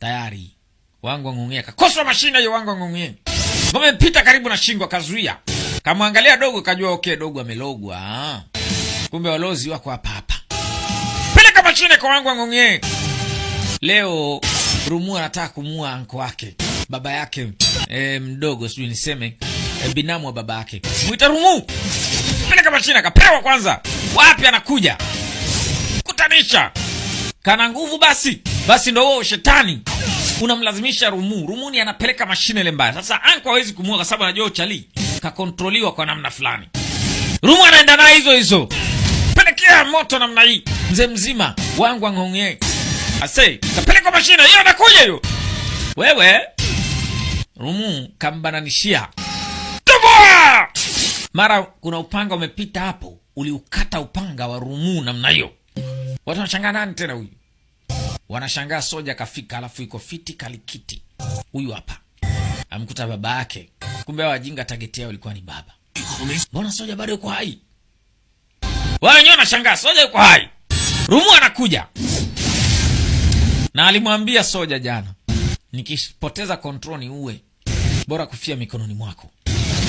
tayari wangu ang'ong'ea kakosa mashine hiyo, wangu ang'ong'ea ngome mpita karibu na shingo akazuia, kamwangalia dogo kajua, okay, dogo amelogwa, kumbe walozi wako hapa hapa. Peleka mashine kwa wangu ang'ong'ea. Leo Rumua anataka kumua anko wake baba yake e, mdogo sijui niseme e, binamu wa baba yake mwita Rumu, peleka mashine. Akapewa kwanza, wapi anakuja kutanisha, kana nguvu basi basi ndo huo shetani unamlazimisha Rumu. Rumuni anapeleka mashine ile mbaya. Sasa Anko hawezi kumua kwa sababu anajua uchali kakontroliwa kwa namna fulani. Rumu anaenda naye hizo hizo, pelekea moto namna hii, mzee mzima wangu ang'ong'e ase kapelekwa mashine hiyo, nakuja hiyo wewe. Rumu kambananishia mara kuna upanga umepita hapo, uliukata upanga wa Rumu namna hiyo, watu wanashangaa nani tena huyu wanashangaa soja kafika, alafu iko fiti kalikiti. Huyu hapa amkuta baba yake, kumbe hawa wajinga tageti yao ilikuwa ni baba. Mbona soja bado yuko hai? Wao wenyewe wanashangaa soja yuko hai, Rumu anakuja na alimwambia soja jana, nikipoteza kontrol ni uwe bora kufia mikononi mwako,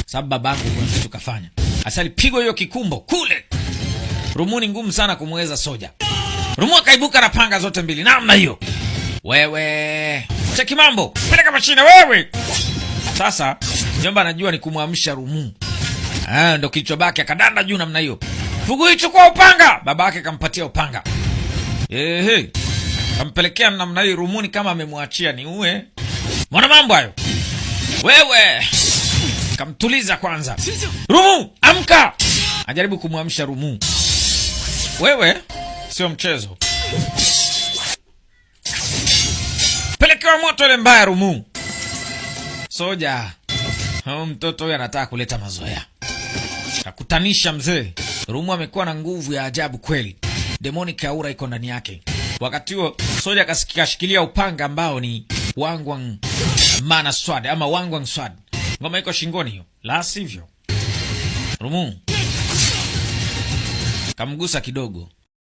sababu babangu kuna kitu kafanya. alipigwa hiyo kikumbo kule. Rumu ni ngumu sana kumweza soja. Rumo kaibuka na panga zote mbili, namna hiyo. Wewe cheki mambo, peleka mashine wewe. Sasa mjomba anajua ni kumwamsha Rumu, ah, ndo kilichobaki. Akadanda juu namna hiyo, Fugui chukua upanga. Baba yake kampatia upanga, ehe, kampelekea namna hiyo. Rumu ni kama amemwachia ni uwe mwana mambo hayo. Wewe kamtuliza kwanza. Rumu amka, ajaribu kumwamsha Rumu. Wewe sio mchezo. Pelekewa moto ile mbaya Rumu. Soja hao, mtoto huyu anataka kuleta mazoea, kakutanisha mzee Rumu. Amekuwa na nguvu ya ajabu kweli, demonic aura iko ndani yake. Wakati huo Soja kashikilia upanga ambao ni Wangwang Mana Swad ama Wangwang Swad, ngoma iko shingoni hiyo, la sivyo Rumu kamgusa kidogo